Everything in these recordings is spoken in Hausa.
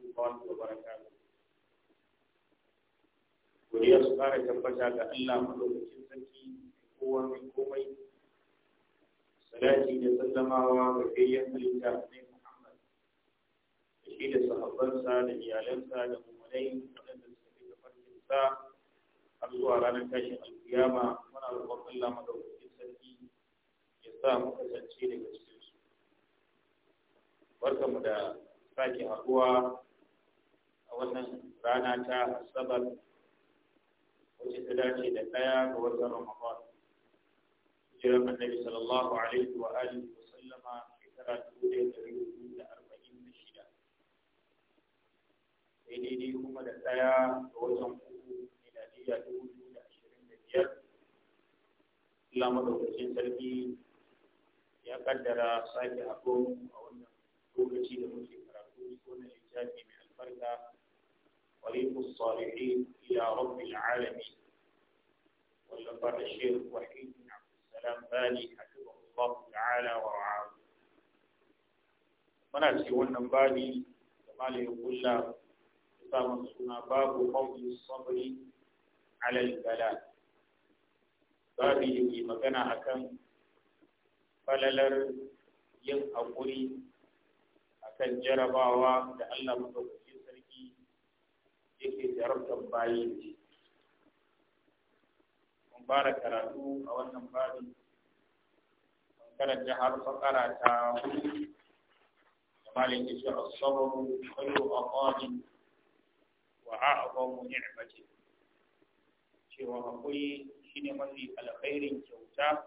الله وبركاته godiya su fara tabbata ga Allah madaukakin sarki kowa mai komai salati da sallamawa ga fayyan halitta ne Muhammad da shi da sahabbansa da iyalansa da mummunai waɗanda suka fi tafarkin sa har zuwa ranar tashin alkiyama muna roƙon Allah madaukakin sarki ya sa mu kasance daga cikin su barkamu da sake haɗuwa a wannan rana ta asabar wacce ta dace da ɗaya ga watan ramadan hijiran annabi sallallahu alaihi wa alihi wa sallama shekara dubu da da dubu da arba'in da shida sai daidai kuma da ɗaya ga watan uku miladiyya ta biyu da ashirin da biyar Allah madaukakin sarki ya kaddara sake haɗo a wannan lokaci da muke karatu wannan littafi mai albarka طريق الصالحين إلى رب العالمين ولقد الشيخ وحيد بن عبد السلام بالي حفظه الله تعالى ورعاه muna ce wannan babi da malayin kulla ya samu suna babu mawuyi sabri alal bala babi da ke magana akan falalar yin haƙuri akan jarabawa da Allah yake jarabtar bayi da shi mun fara karatu a wannan babin mun karanta har fakara ta hudu da malin ya ce asabaru a aqamin wa a'zamu ni'mati cewa hakuri shine mafi alkhairin kyauta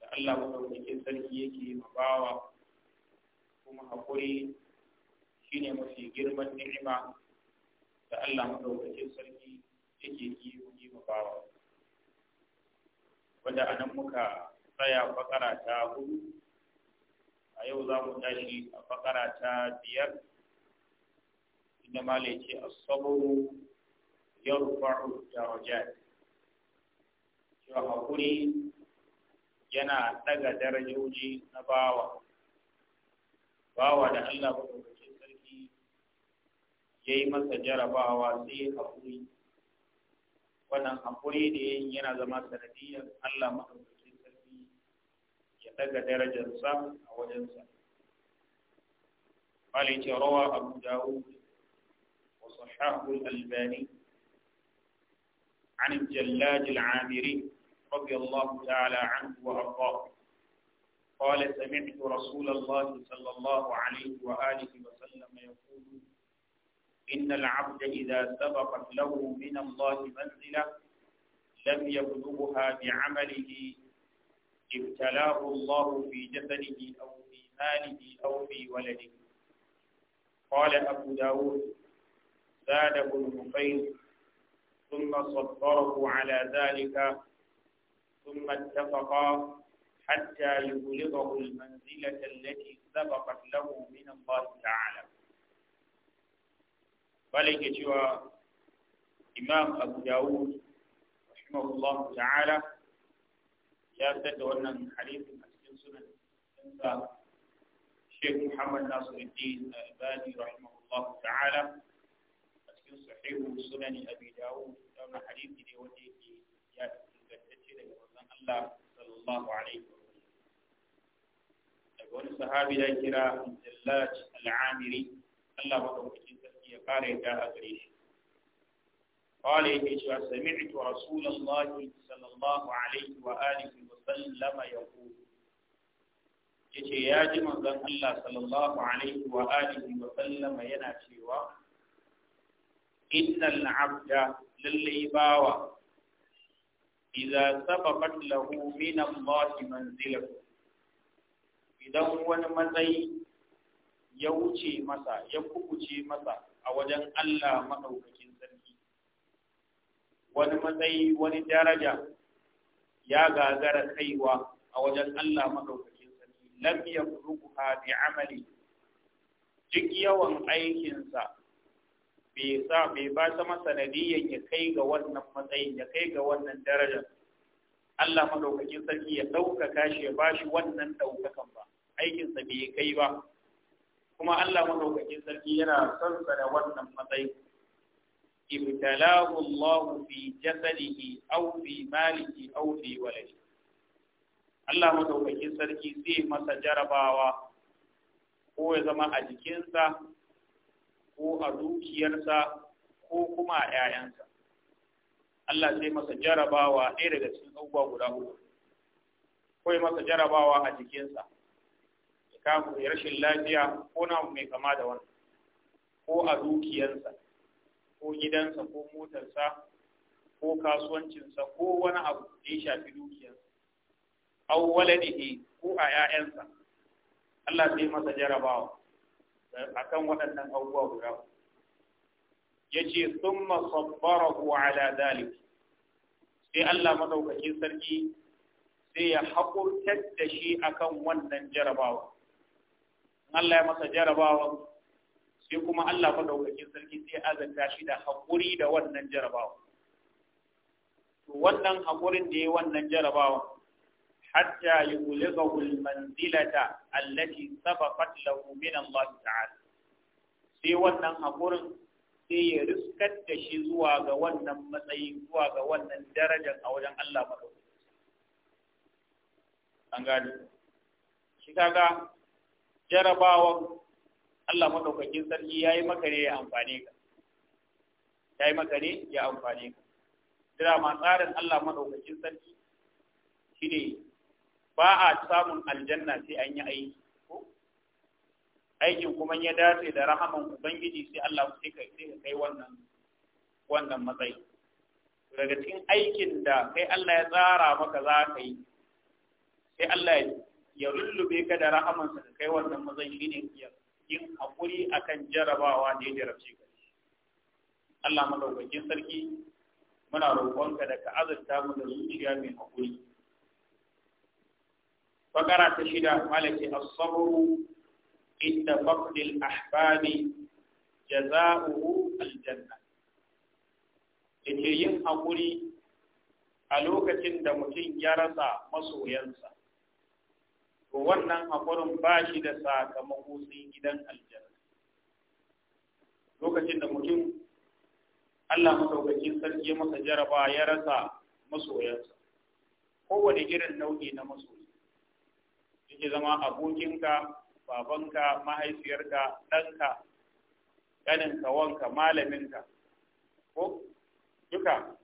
da Allah madaukakin sarki yake mabawa kuma hakuri shine mafi girman ni'ima da Allah madaukakin sarki yake yi wa bawa wanda anan muka tsaya fakara ta hudu a yau za mu tashi a fakara ta biyar inda malaci as-sabru yarfa'u darajat cewa hakuri yana daga darajoji na bawa bawa da Allah madaukakin yayi masa jarabawa sai ya haƙuri wannan haƙuri ne yana zama sanadiyar Allah maɗaukaki sarki ya daga darajarsa a wajensa قال روى أبو داود وصححه الألباني عن الجلاد العامري رضي الله تعالى عنه وأرضاه قال سمعت رسول الله صلى الله عليه وآله وسلم يقول إن العبد إذا سبقت له من الله منزلة لم يبلغها بعمله ابتلاه الله في جسده أو في ماله أو في ولده قال أبو داود زاده النفيل ثم صبره على ذلك ثم اتفقا حتى يبلغه المنزلة التي سبقت له من الله تعالى bale ke cewa imam abu dawud rahimahullah ta'ala ya fitar da wannan hadisin a cikin sunan ɗinsa Sheikh Muhammad Nasiruddin Albani rahimahullah ta'ala a cikin sahihu sunan Abi Dawud da hadisi ne wanda yake ya ingantacce daga manzon Allah sallallahu alaihi wa sallam daga wani sahabi da kira Jallaj al-Amiri Allah madaukakin ya ƙara yadda gare shi قال يجيش سمعت رسول الله صلى الله عليه وآله وسلم يقول yace ya ji manzon Allah sallallahu alaihi wa alihi wa sallama yana cewa inna abda lallai bawa idza sababat lahu min Allah manzilatu idan wani matsayi ya wuce masa ya kukuce masa a wajen Allah maɗaukakin sarki wani matsayi wani daraja ya gagara kaiwa a wajen Allah maɗaukakin sarki lam yabluha bi amali duk yawan aikinsa bai sa bai ba ta masanadiyan ya kai ga wannan matsayin ya kai ga wannan darajar Allah maɗaukakin sarki ya ɗaukaka shi ya ba shi wannan ɗaukakan ba aikinsa bai kai ba kuma Allah madaukakin sarki yana son da wannan matsayi ibtalahu Allah fi jasadihi aw fi malihi aw fi waladihi Allah madaukakin sarki zai masa jarabawa ko ya zama a jikinsa ko a dukiyarsa ko kuma a ‘ya'yansa. Allah zai masa jarabawa ɗaya daga cikin abubuwa guda uku, ko ya masa jarabawa a jikinsa, kamu rashin lafiya ko na mai kama da wani? ko a dukiyarsa ko gidansa ko motarsa ko kasuwancinsa ko wani abu da ya shafi dukiyarsa aw waladihi ko a 'ya'yansa Allah sai masa jarabawa akan waɗannan abubuwa guda yace thumma sabbarahu ala dhalik sai Allah madaukakin sarki sai ya haƙurtar da shi akan wannan jarabawa Allah ya masa jarabawa sai kuma Allah daukakin sarki sai azanta shi da haƙuri da wannan jarabawa to wannan haƙurin da ya wannan jarabawa hatta yulighahu manzilata allati sabaqat lahu min Allah ta'ala sai wannan haƙurin sai ya riskar da shi zuwa ga wannan matsayi zuwa ga wannan darajar a wajen Allah madaukakin an gani. shi kaga jarabawan Allah madaukakin sarki yayi maka ne ya amfane ka yayi maka ne ya amfani ka dama tsarin Allah madaukakin sarki shine ba a samun aljanna sai an yi aiki ko aikin kuma ya dace da rahaman ubangiji sai Allah sai ka sai ka kai wannan wannan matsayi daga cikin aikin da kai Allah ya tsara maka za ka yi sai Allah ya ya lullube ka da rahamansa ka kai wannan mazan yi ne yin haƙuri kan jarabawa da ya jarabce ka Allah madaukakin sarki muna roƙonka da ka azurta mu da zuciya mai haƙuri fakara ta shida malaki as-sabru inda faqd ahbabi jazaohu al aljanna. yin haƙuri a lokacin da mutum ya rasa masoyansa wannan haƙurin ba shi da sakamako sun gidan aljanna lokacin da mutum Allah madaukakin sarki ya masa jaraba ya rasa masoyansa kowane irin nau'i na masoyi yake zama abokinka babanka mahaifiyarka ɗanka ƙaninka wanka malaminka ko duka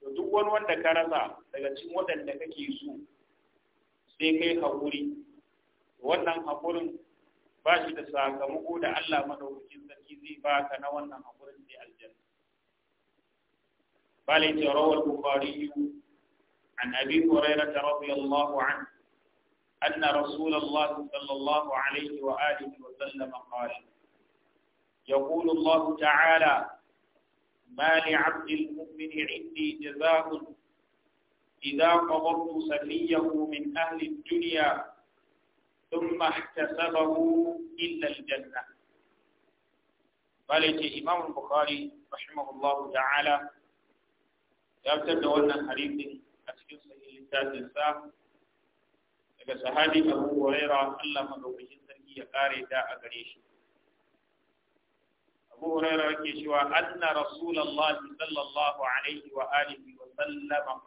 to duk wani wanda ka rasa daga cikin waɗanda kake so sai kai haƙuri wannan haƙurin ba shi da sakamako da Allah madaukakin sarki zai baka na wannan haƙurin sai aljanna balai ce rawar bukari an abi hurairah radiyallahu anhu أن رسول الله صلى الله عليه وآله وسلم قال يقول الله تعالى ما لعبد المؤمن عندي جزاء إذا قبضت سنيه من أهل الدنيا ثم احتسبه إلا الجنة قالت إمام البخاري رحمه الله تعالى يبتد أن حديث أسكن صحيح التاسع daga sahabi Abu Huraira Allah madaukakin sarki ya kare da a gare shi Abu Huraira yake cewa anna Rasulullahi sallallahu alaihi wa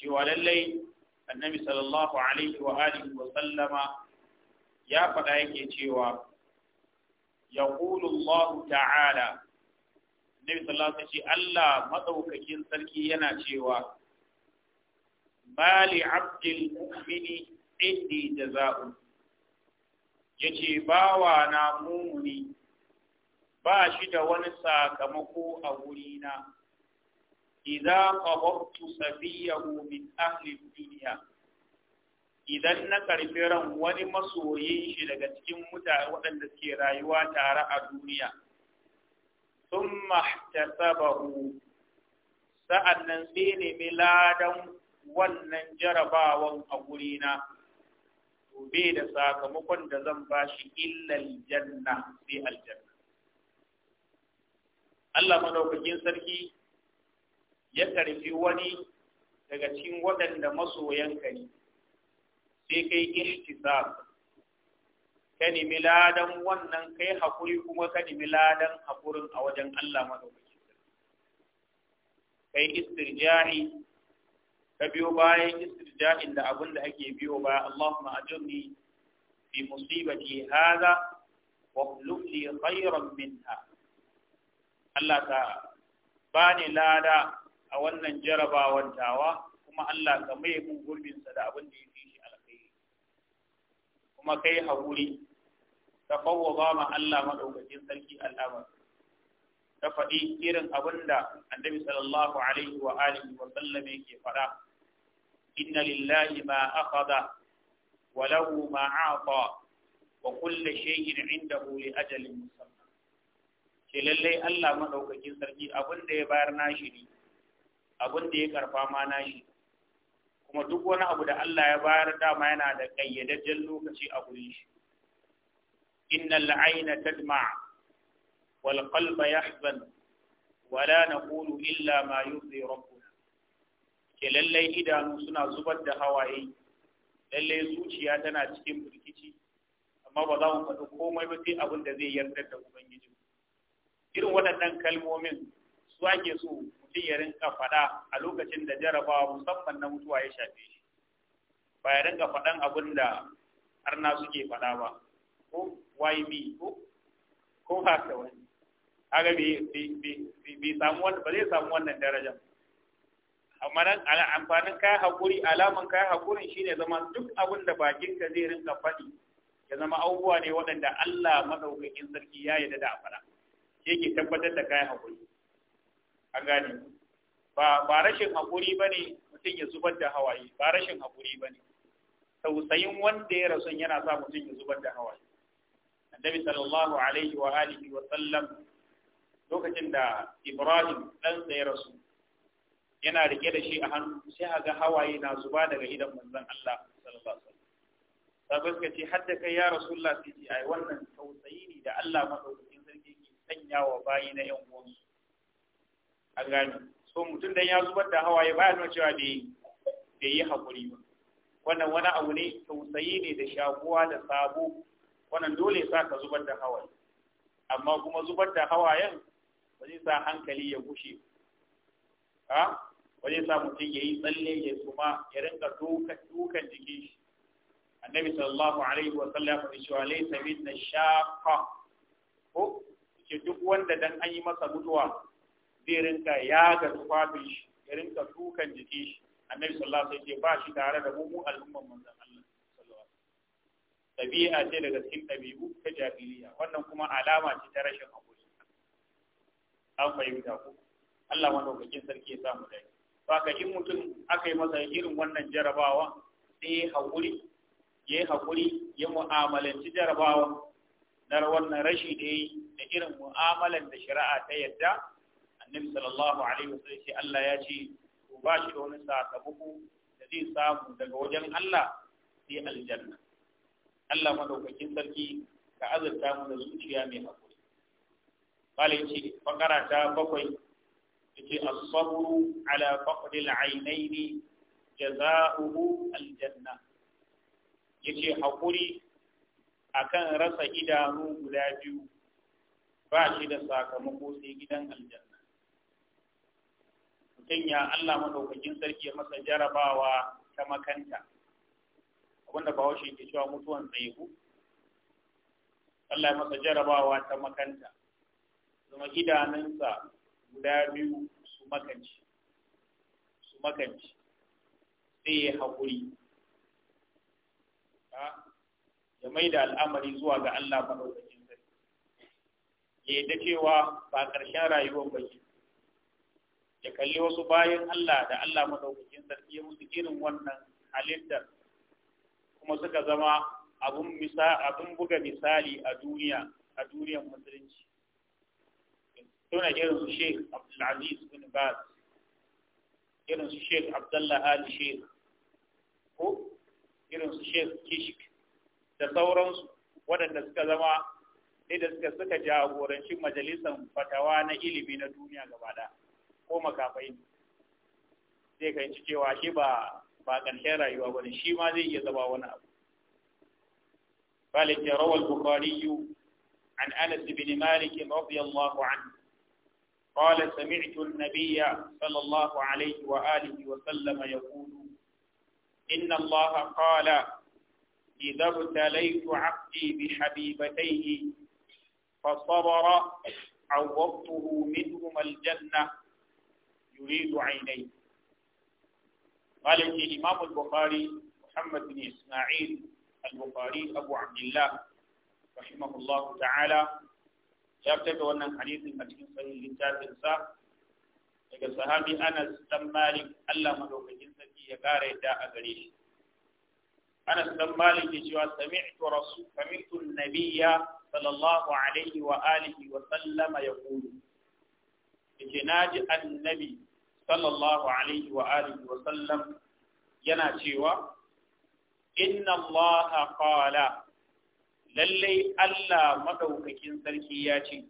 cewa lallai annabi sallallahu alaihi wa alihi wa sallama ya faɗa yake cewa yaqulu Allah ta'ala annabi sallallahu alaihi Allah madaukakin sarki yana cewa mali abdil mu'mini indi Ya yace bawa na mumuni ba shi da wani sakamako a wurina idza qabattu safiyahu min duniya dunya idan na karfi ran wani masoyin shi daga cikin mutane waɗanda suke rayuwa tare a duniya thumma ihtasabahu sa'annan sai nemi ladan wannan jarabawan a gurina na bai da sakamakon da zan bashi illal janna sai aljanna Allah madaukakin sarki ya karfi wani daga cikin waɗanda masoyanka ne sai kai ishtisab ka nemi ladan wannan kai haƙuri kuma ka nemi ladan haƙurin a wajen Allah madaukaki kai istirja'i ka biyo bayan istirja'in da abin da ake biyo ba Allahumma ajurni fi musibati hadha wa khluq li khayran minha Allah ta bani lada a wannan jarabawan tawa kuma Allah ka mai mun gurbinsa da abin da ya fi shi alkhairi kuma kai haƙuri ta fawwaba ma Allah madaukakin sarki al'amar ta faɗi irin abin da annabi sallallahu alaihi wa alihi wa sallam yake faɗa inna lillahi ma akhadha wa lahu ma a'ta wa kullu shay'in 'indahu li ajalin musamma ke lallai Allah madaukakin sarki abin da ya bayar nashi ne abin da ya karfa ma na shi kuma duk wani abu da Allah ya bayar dama yana da ƙayyadajjen lokaci a gurin shi innal ayna tadma wal qalba yahzan wala naqulu illa ma yurdi rabbuna ke lallai idanu suna zubar da hawaye lallai zuciya tana cikin burkici amma ba za mu faɗi komai ba sai abin da zai yarda da ubangiji irin waɗannan kalmomin su ake so mutum ya rinka faɗa a lokacin da jarabawa musamman na mutuwa ya shafe shi ba ya rinka faɗan abin da arna suke faɗa ba ko why ko ko haka wani haka bai samu wannan ba zai samu wannan darajar amma nan amfanin kayan hakuri, alaman kayan hakurin shine zama duk abin da ka zai rinka faɗi ya zama abubuwa ne waɗanda Allah madaukakin sarki ya yarda da a faɗa yake tabbatar da kayan hakuri. an gane ba ba rashin hakuri bane mutum ya zubar da hawaye ba rashin hakuri bane tausayin wanda ya rasu yana sa mutum ya zubar da hawaye annabi sallallahu alaihi wa alihi wa sallam lokacin da Ibrahim dan sa ya rasu yana rike da shi a hannu sai a hawaye na zuba daga idan manzon Allah sallallahu alaihi wasallam suka ce hadda kai ya rasulullah sai ce ai wannan tausayi ne da Allah madaukakin sarki ke sanya wa bayi na yan uwansu an gani so mutum dan ya zubar da hawaye baya nuna cewa bai yi hakuri ba wannan wani abu ne tausayi ne da shaguwa da sabo wannan dole sa ka zubar da hawaye amma kuma zubar da hawayen ba zai sa hankali ya gushe ha ba zai sa mutum ya yi tsalle ya kuma ya rinka dukan jikin shi annabi sallallahu alaihi wa sallam ya ce laysa minna shaqa ko ke duk wanda dan an yi masa mutuwa zai rinka yaga tufafin shi ya rinka dukan jikin shi annabi sallallahu alaihi wasallam ba shi tare da mu al'umman manzon Allah sallallahu alaihi wasallam tabi'a ce daga cikin ɗabi'u ta jahiliya wannan kuma alama ce ta rashin hakuri an fahimta ku Allah madaukakin sarki ya samu dai ba ka in mutum aka yi masa irin wannan jarabawa sai hakuri ya yi hakuri ya mu'amalanci jarabawa na wannan rashi da irin mu'amalan da shari'a ta yadda annabi sallallahu alaihi wasallam shi Allah ya ce to ba shi da wani sakamako da zai samu daga wajen Allah sai aljanna Allah madaukakin sarki ka azurta mu da zuciya mai hakuri qala yace fakara ta bakwai yace as-sabru ala faqdil aynaini al aljanna yace hakuri akan rasa idanu guda biyu ba shi da sakamako sai gidan aljanna kenya Allah madaukakin sarki ya masa jarabawa ta makanta abinda washe ke cewa mutuwan ku. Allah ya masa jarabawa ta makanta zama idanunsa guda biyu su makanci su makanci sai ya haƙuri ya mai da al'amari zuwa ga Allah madaukakin sarki ya yadda cewa ba ƙarshen rayuwar ba ke ya kalli wasu bayan Allah da Allah madaukakin sarki ya musu irin wannan halittar kuma suka zama abun abun buga misali a duniya a duniyar musulunci suna irin su Sheikh Abdul Aziz bin Baz irin su Sheikh Abdullah Ali Sheikh ko irin su Sheikh Kishk da sauransu waɗanda suka zama da suka suka jagoranci majalisar fatawa na ilimi na duniya gaba ɗaya ko makafai zai kan ci cewa shi ba ba ƙarshen rayuwa ba ne shi ma zai iya zama wani abu قال روى البخاري عن أنس بن مالك رضي الله عنه قال سمعت النبي صلى الله عليه وآله وسلم يقول إن الله قال إذا ابتليت عبدي بحبيبتيه فصبر عوضته منهما الجنة يريد عينيه قال الإمام البخاري محمد بن إسماعيل البخاري أبو عبد الله رحمه الله تعالى شافت أن الحديث المتين صحيح لتاتن سا إذا صحابي أنس بن مالك ألا ملوك جنسك يقار يتاء قليل أنس بن مالك سمعت رسول سمعت النبي صلى الله عليه وآله وسلم يقول إجناج النبي sallallahu alaihi wa alihi wa sallam yana cewa inna allaha qala lallai Allah madaukakin sarki ya ce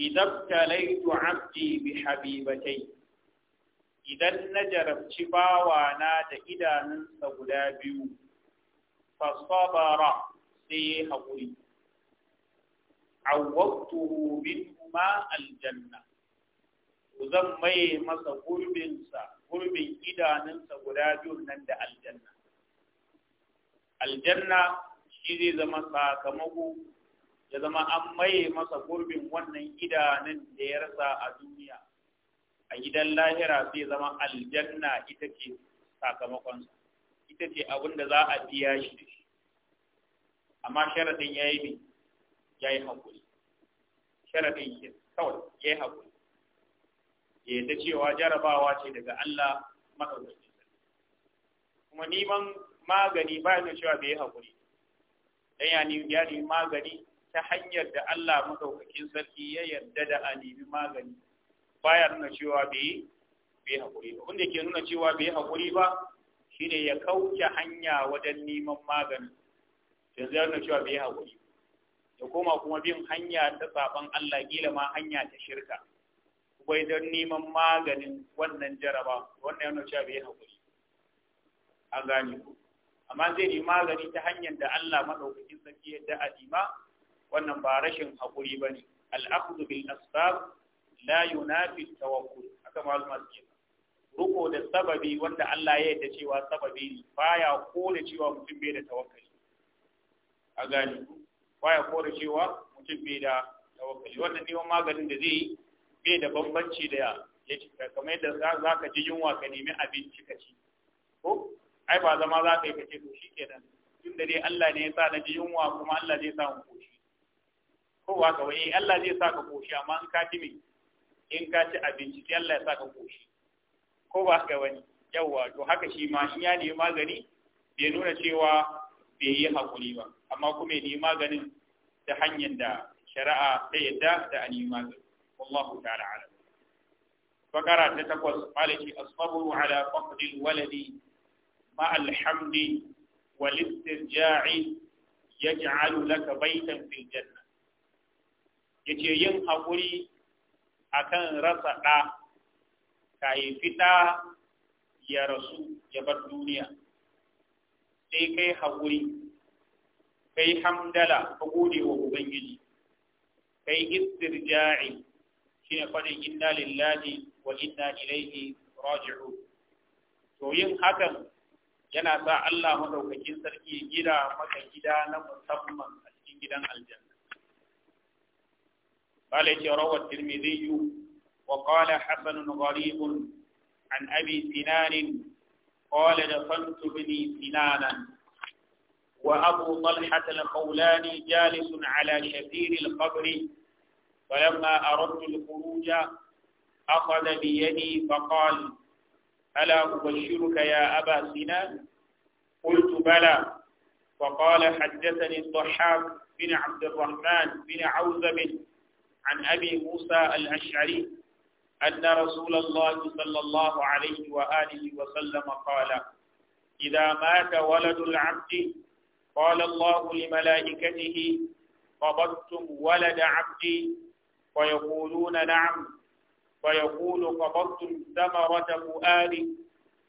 idan talaitu abdi bi habibatai idan na jarabci bawana da idanunsa guda biyu fasabara sai ya haƙuri awwabtuhu minhuma aljanna Ku zan maye masa gurbinsa gurbin idanunsa guda biyu nan da aljanna aljanna shi zai zama sakamako ya zama an maye masa gurbin wannan idanun da ya rasa a duniya a gidan lahira zai zama aljanna ita ce sakamakonsa ita ce abin da za a biya shi da shi amma sharadin ya ne ya yi haƙuri shi kawai ya yi haƙuri ya yadda cewa jarabawa ce daga Allah maɗaukaki kuma neman magani ba ya cewa bai haƙuri dan ya nemi ya nemi magani ta hanyar da Allah maɗaukacin sarki ya yarda da a nemi magani bayan nuna cewa bai bai haƙuri ba wanda ke nuna cewa bai haƙuri ba shine ya kauce hanya wajen neman magani yanzu ya nuna cewa bai haƙuri ya koma kuma bin hanya ta saban Allah gila ma hanya ta shirka wai don neman maganin wannan jaraba wannan yana cewa bai haƙuri an gane ku amma zai yi magani ta hanyar da Allah maɗaukakin yadda ya da'adima wannan ba rashin haƙuri ba ne al'akudu bil asbab la yunafi tawakkul haka maluma suke ruko da sababi wanda Allah ya yadda cewa sababi ne baya kore cewa mutum bai da tawakkali a gane baya kore cewa mutum bai da tawakkali wannan neman maganin da zai yi bai da bambanci da ya kamar yadda za ka ji yunwa ka nemi abinci ka ci ko ai ba zama za ka yi kace to shikenan tun da dai Allah ne ya sa na ji yunwa kuma Allah zai sa mu koshi ko wa ka wai eh, Allah zai sa ka koshi amma in ka ci me in ka ci abinci sai Allah ya sa ka koshi ko ba ka wani yawa to haka shi ma in ya nemi magani bai nuna cewa bai yi hakuri ba amma kuma ya nemi maganin ta hanyar da shari'a ta yadda da a nemi magani wallahu ta'ala alam fakara ta takwas malaki asabru ala faqdil waladi ma alhamdi ya istirja'i yaj'alu laka baytan fil janna yace yin hakuri akan rasa ɗa ka yi fita ya rasu ya bar duniya sai kai hakuri. kai hamdala ka gode wa ubangiji kai istirja'i shine faɗin inna lillahi wa inna ilaihi raji'u to yin hakan yana sa Allah madaukakin sarki ya gida maka gida na musamman a cikin gidan aljanna qala ya rawa tirmidhi wa qala hasan gharib an abi sinan qala dafantu bini sinanan وأبو طلحة الخولاني جالس على شفير القبر فلما أردت الخروج أخذ بيدي فقال ألا أبشرك يا أبا سنان قلت بلى فقال حدثني الضحاك بن عبد الرحمن بن عوزب عن أبي موسى الأشعري أن رسول الله صلى الله عليه وآله وسلم قال إذا مات ولد العبد قال الله لملائكته قبضتم ولد عبدي فيقولون نعم فيقول قبضت ثمرة فؤادي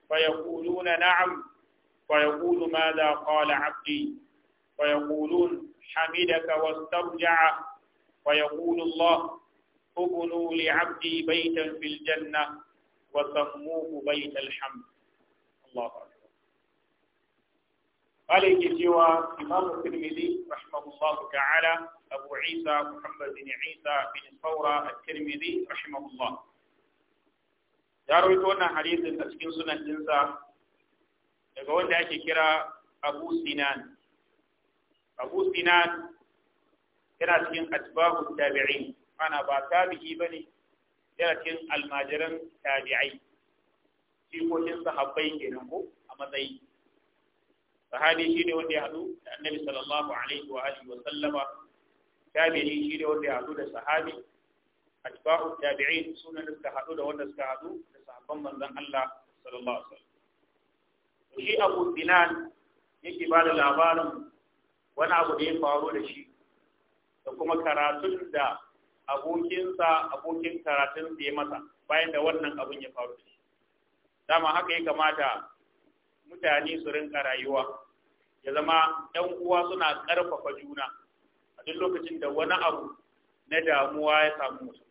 فيقولون نعم فيقول ماذا قال عبدي فيقولون حمدك واسترجع فيقول الله ابنوا لعبدي بيتا في الجنة وسموه بيت الحمد الله أكبر قال يجيوا إمام الترمذي رحمه الله تعالى أبو عيسى محمد بن عيسى بن الثورة الترمذي رحمه الله يروي حديث التسكين سنة الإنسى يقول لك كرا أبو سنان أبو سنان yana cikin atbahu tabi'in ana ba tabi'i bane yana cikin almajiran tabi'ai sikokin sahabbai kenan ko a matsayi sahabi shi ne wanda ya hadu da annabi sallallahu alaihi wa alihi wa sallama tabi'i ne wanda ya hadu da sahabi atba'u tabi'in sunan da suka hadu da wanda suka hadu da sahabban manzon Allah sallallahu alaihi wa sallam shi Abu Dinan yake ba da labarin wani abu da ya faru da shi da kuma karatun da abokinsa abokin karatun da ya masa bayan da wannan abun ya faru da shi dama haka ya kamata mutane su rinka rayuwa ya zama ɗan uwa suna ƙarfafa juna a duk lokacin da wani abu na damuwa ya samu mutum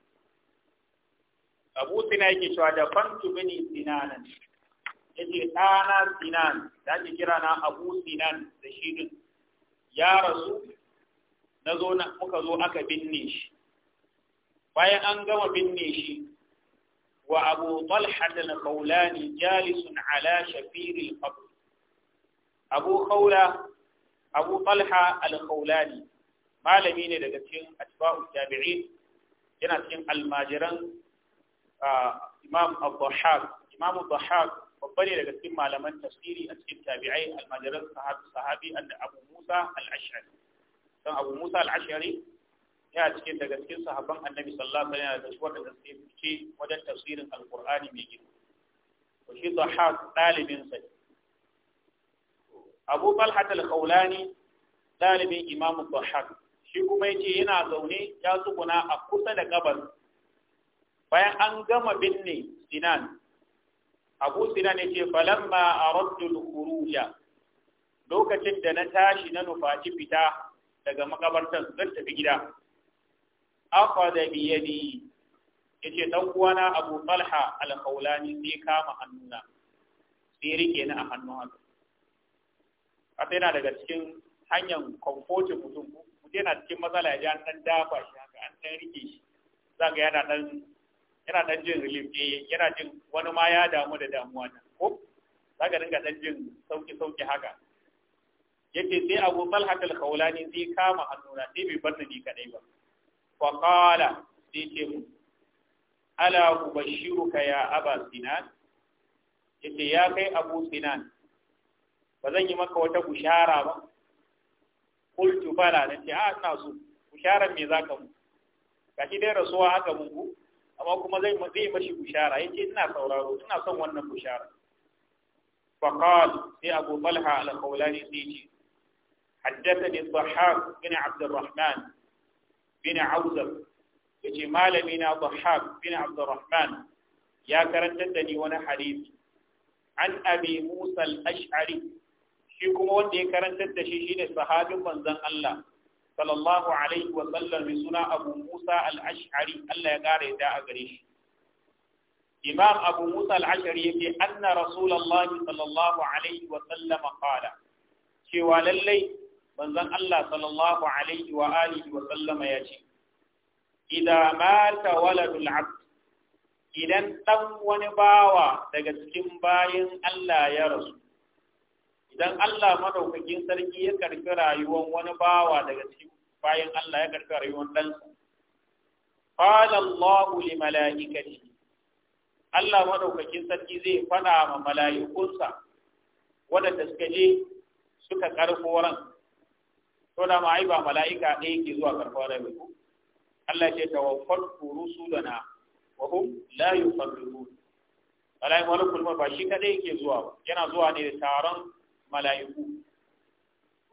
abu sina yake cewa da fantu bini sinanan ce ɗana sinan da ake kira na abu sinan da shi din ya rasu na zo muka zo aka binne shi bayan an gama binne shi وأبو طلحة الخولاني جالس على شفير القبر أبو خولة أبو طلحة الخولاني ne daga cikin atba'u tabi'in yana cikin almajiran imam al-dhahhak babba ne daga cikin malaman tafsiri a cikin tabi'ai almajiran sahabi sahabi annabi Musa al-Ash'ari ya cikin daga cikin sahabban annabi sallallahu alaihi wasallam da shi wanda wajen tafsirin alqur'ani mai girma to shi dhahak dalibin sa Abu Talha al Imam Dhahak shi kuma yake yana zaune ya tsuguna a kusa da gabar bayan an gama binne Sinan Abu Sinan yace falamma aradtu al-khuruja lokacin da na tashi na nufaci fita daga makabartar zan tafi gida akwada bi yadi yace dan uwana Abu Talha al-Khawlani sai kama hannuna sai rike ni a hannun haka kasa yana daga cikin hanyar komfotin mutum mutum yana cikin matsala ya an ɗan dafa shi haka an dan rike shi za zaka yana dan yana dan jin relief eh yana jin wani ma ya damu da damuwa ta ko za ka dinga dan jin sauki sauki haka yake sai Abu Talha al-Khawlani sai kama hannuna sai bai bar ni kaɗai ba wa qala sai ce mu ala ubashiruka ya aba ya kai abu sinan ba zan yi maka wata bushara ba qultu bala nace a ina so busharan me zaka mu kashi dai rasuwa haka mun ku amma kuma zai zai mashi bushara yace ina sauraro ina son wannan bushara fa qala sai abu talha al-khawlani sai ce حدثني الضحاك بن عبد الرحمن bin Auzab yace malami na Dhahab bin Abdurrahman ya karantar da ni wani hadisi an Abi Musa al-Ash'ari shi kuma wanda ya karantar da shi shine sahabin manzon Allah sallallahu alaihi wa sallam mai suna Abu Musa al-Ash'ari Allah ya gare da a gare shi Imam Abu Musa al-Ash'ari yake anna Rasulullahi sallallahu alaihi wa sallam qala cewa lallai manzon Allah sallallahu alaihi wa alihi wa sallama ya ce Idan mata waladul abd idan dan wani bawa daga cikin bayin Allah ya rasu idan Allah madaukakin sarki ya karbi rayuwar wani bawa daga cikin bayin Allah ya karbi rayuwar ɗansa qala Allah li malaikatihi Allah madaukakin sarki zai faɗa ma mala'ikunsa waɗanda suka je suka karɓo ran to da ma ai ba mala'ika ɗaya ke zuwa karɓar rai ba Allah ce ta tawaffatu rusulana wa hum la yufarridun mala'ikun malakul ba shi kadai yake zuwa yana zuwa ne da taron mala'iku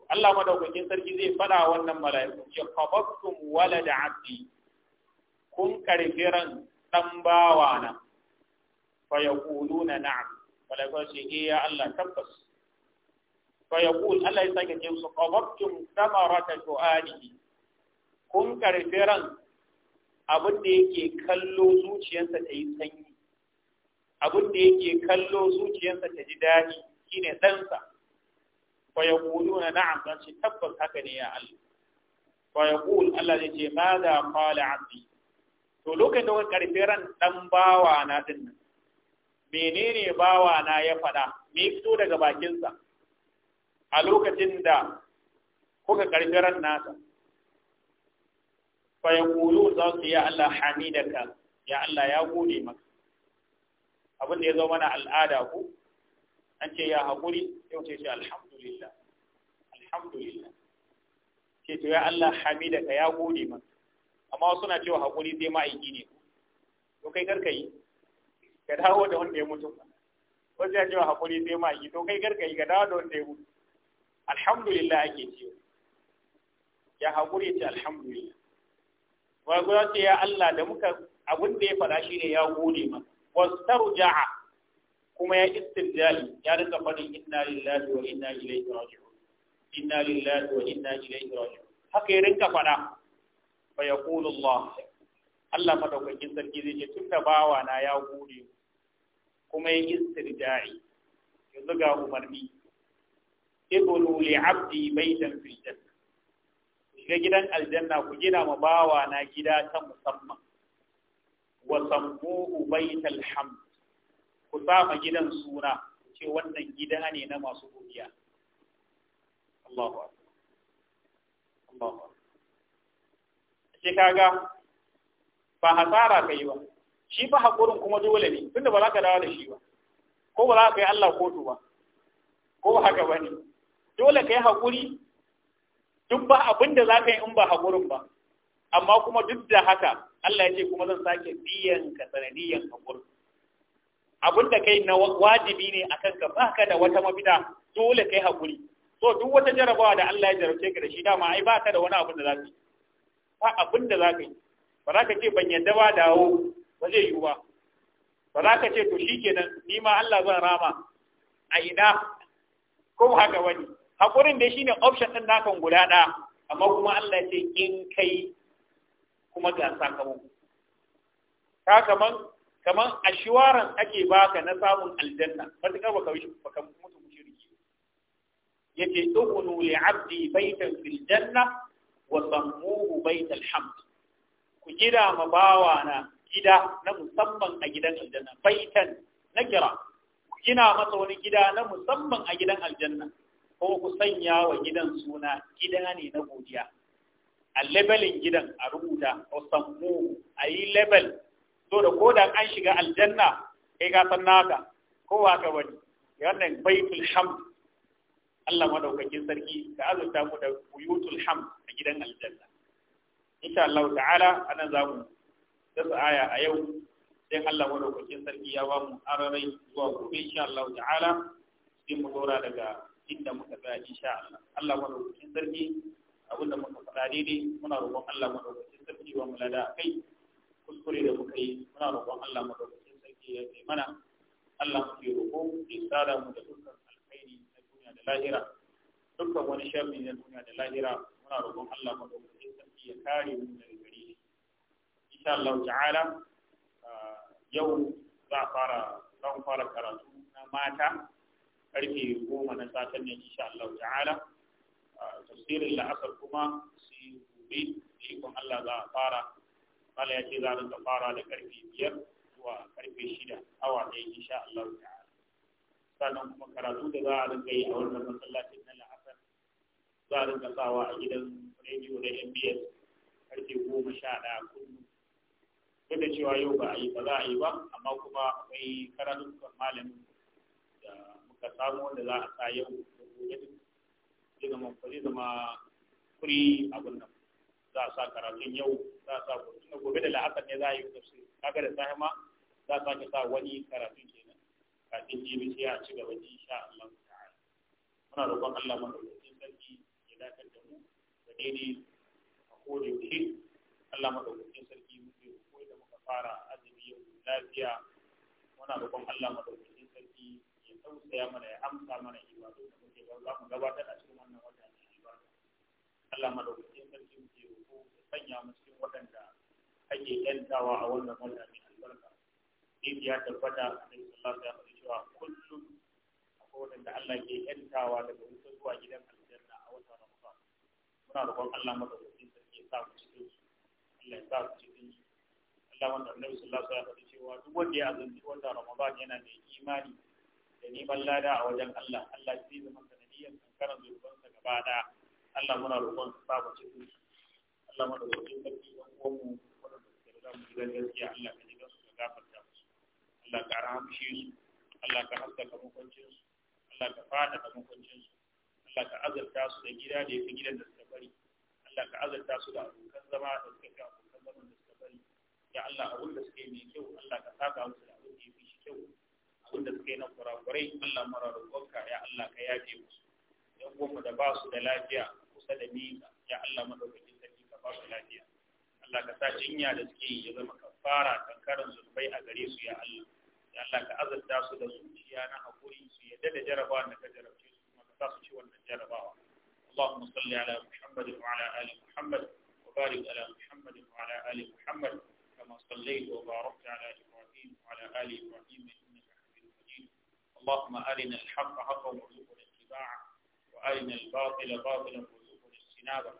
Allah madaukakin sarki zai faɗa wannan mala'iku ya qabattum walada abdi kun karfi ran dan bawana fa yaquluna na'am mala'iku ce eh ya Allah tabbas fa yaqul Allah ya sake ce su qabartum samarata du'ani kun karfe ran abin da yake kallo zuciyarsa ta yi sanyi abin da yake kallo zuciyarsa ta ji daɗi shine ɗansa fa yaquluna na'am dan shi tabbas haka ne ya Allah fa yaqul Allah ya ce madha qala 'abdi to lokacin da kun karfe ran dan bawa na din menene bawa na ya faɗa me fito daga bakinsa a lokacin da kuka karbi ran nasa fa yaqulu za su ya Allah hamidaka ya Allah ya gode maka abin da ya zo mana al'ada ku an ce ya haƙuri yau ce shi alhamdulillah alhamdulillah ce to ya Allah hamidaka ya gode maka amma suna cewa haƙuri sai ma'aiki ne to kai karka yi ka dawo da wanda ya mutu wasu ya cewa haƙuri sai ma'aiki to kai karka yi ka dawo da wanda ya mutu alhamdulillah ake ciwo. ya haƙuri ce alhamdulillah wa guda ce ya Allah da muka abin da ya faɗa shi ne ya gode ma wasu tarja'a kuma ya istirjali ya rinka faɗin inna lillahi wa inna ilaihi raji'un inna lillahi wa inna ilaihi raji'un haka ya rinka faɗa fa yaqulu Allah Allah madaukakin sarki zai ce tunda bawa na ya gode kuma ya istirjai yanzu ga umarni ibnu li abdi baitan fil janna shiga gidan aljanna ku gina ma bawa na gida ta musamman wa sammuhu baital hamd ku ma gidan suna ce wannan gida ne na masu godiya Allahu akbar Allahu akbar kaga ba hasara kai ba shi fa hakurin kuma dole ne tunda ba za ka dawo da shi ba ko ba za ka yi Allah kotu ba ko haka bane dole ka yi haƙuri duk ba abin da za ka yi in ba haƙurin ba amma kuma duk da haka Allah ya ce kuma zan sake biyan ka sanadiyan haƙuri abin da kai na wajibi ne akan kanka ba ka da wata mafita dole ka yi haƙuri so duk wata jarabawa da Allah ya jarabce ka da shi dama ai ba ka da wani abin da za ka yi ba abin da za ka yi ba za ka ce ban yadda ba dawo ba zai yiwu ba ba za ka ce to shi kenan ni ma Allah zan rama a ina ko haka wani haƙurin da shine option ɗin nakan guda ɗaya amma kuma Allah ce in kai kuma ga sakamako ka kaman kaman assurance ake baka na samun aljanna matakar baka baka mutu mushriki yace ukhunu li abdi baitan fil janna wa sammuhu baital hamd ku gida ma bawa na gida na musamman a gidan aljanna baitan na kira ku gina masa wani gida na musamman a gidan aljanna ko ku sanya wa gidan suna gida ne na godiya a labelin gidan a rubuta a samu a yi label so da ko da an shiga aljanna kai ka san naka kowa ka wani wannan baitul ham Allah madaukakin sarki ka azurta mu da buyutul ham a gidan aljanna insha Allah ta'ala anan za mu dasa aya a yau dan Allah madaukakin sarki ya ba mu ararai zuwa gobe insha Allah ta'ala sai mu dora daga inda muka tsaya insha Allah Allah madaukakin sarki abin da muka faɗa daidai muna roƙon Allah madaukakin sarki wa mu lada kai kuskure da muka yi muna roƙon Allah madaukakin sarki ya ce mana Allah mu ke roƙo ya tsara mu da dukkan alkhairi na duniya da lahira dukkan wani sharri na duniya da lahira muna roƙon Allah madaukakin sarki ya kare mu daga gare shi insha Allah ta'ala ah, yau za a fara zan fara karatu na mata karfe goma na satan nan insha Allah ta'ala tafsirin la'asar kuma sai gobe da ikon Allah za a fara kala ya ce za a rinka fara da karfe biyar zuwa karfe shida awa ɗaya insha Allah ta'ala sannan kuma karatu da za a rinka yi a wannan masallacin na la'asar za a rinka sawa a gidan rediyo da MBS karfe goma sha ɗaya kullum duk da cewa yau ba a yi ba za a yi ba amma kuma akwai karatun malamin ka samu wanda za a sa yau da zai zama zai zama kuri abin nan za a sa karatun yau za a sa gobe gobe da la'asar ne za a yi tafsir kaga da safe ma za a sake sa wani karatun kenan kafin jibi sai a ci gaba insha Allah ta'ala muna roƙon Allah madaukakin sarki ya dakatar da mu da daidai a koda yaushe Allah madaukakin sarki muke koyi da muka fara azumi yau lafiya muna roƙon Allah madaukakin tausaya mana ya amsa mana ibadu da muke ba za mu gabatar a cikin wannan wata ne ibadu Allah madaukakin sarki muke roƙo ya sanya mu cikin waɗanda ake yantawa a wannan wata ne albarka sai ya tabbata a cikin sallallahu alaihi wasallam cewa kullum akwai waɗanda Allah ke yantawa daga wuta zuwa gidan aljanna a wata Ramadan muna roƙon Allah madaukakin sarki ya sa mu cikin su Allah ya sa mu cikin su Allah wanda Annabi sallallahu alaihi wasallam ya faɗi cewa duk wanda ya azumci wannan Ramadan yana da imani da neman lada a wajen Allah Allah zai zama sanadiyar kankaran zurfansa gaba da Allah muna roƙon su sa mu cikin Allah muna roƙon sarki ɗan uwanmu wanda suke da zamu gidan gaskiya Allah ka jiga su gafarta musu Allah ka rahamshe su Allah ka haskaka makwancin su Allah ka fada da makwancin su Allah ka azurta su da gida da yafi gidan da suka bari Allah ka azurta su da abokan zama da suka fi abokan zaman da suka bari ya Allah abin da suke mai kyau Allah ka saka musu da abin da yafi shi kyau سنتين فرافري الله مرار وكا يا الله كياتي مس يوم قد باس دلاجيا وسلمينا يا الله مدرك جسدي كباس دلاجيا الله كتاجين يا دسكي يزم كفارة تنكرن زنبي أغريس يا الله يا الله كأذر داس دسوشي أنا أقولي سي يدد جربان نكجرب جسد ما كتاس شو النجرب اللهم صل على محمد وعلى آل محمد وبارك على محمد وعلى آل محمد كما صليت وباركت على إبراهيم وعلى آل إبراهيم من اللهم أرنا الحق حقا وارزقنا اتباعه وأرنا الباطل باطلا وارزقنا اجتنابه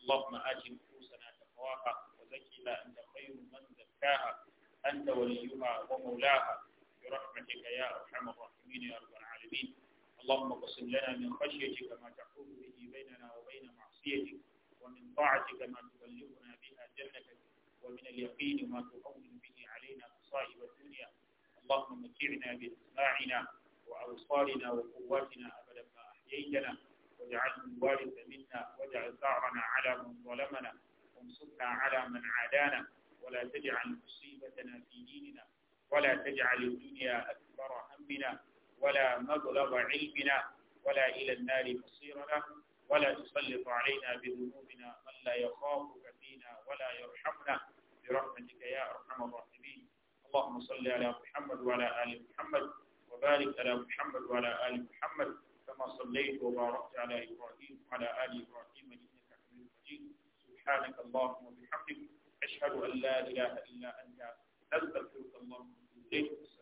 اللهم آت نفوسنا تقواها وزكها أنت خير من زكاها أنت وليها ومولاها برحمتك يا أرحم الراحمين يا رب العالمين اللهم اقسم لنا من خشيتك ما تحول به بيننا وبين معصيتك ومن طاعتك ما تبلغنا بها جنتك ومن اليقين ما تهون به علينا مصائب الدنيا اللهم متعنا بإسماعنا أبصارنا وقواتنا أبدا ما أحييتنا واجعل الوارث منا واجعل ثارنا على من ظلمنا وانصرنا على من عادانا ولا تجعل مصيبتنا في ديننا ولا تجعل الدنيا أكبر همنا ولا مبلغ علمنا ولا إلى النار مصيرنا ولا تسلط علينا بذنوبنا من لا يخافك فينا ولا يرحمنا برحمتك يا أرحم الراحمين اللهم صل على محمد وعلى آل محمد وبارك على محمد وعلى آل محمد كما صليت وباركت على إبراهيم وعلى آل إبراهيم إنك حميد مجيد سبحانك اللهم وبحمدك أشهد أن لا إله إلا أنت نستغفرك اللهم وبحمدك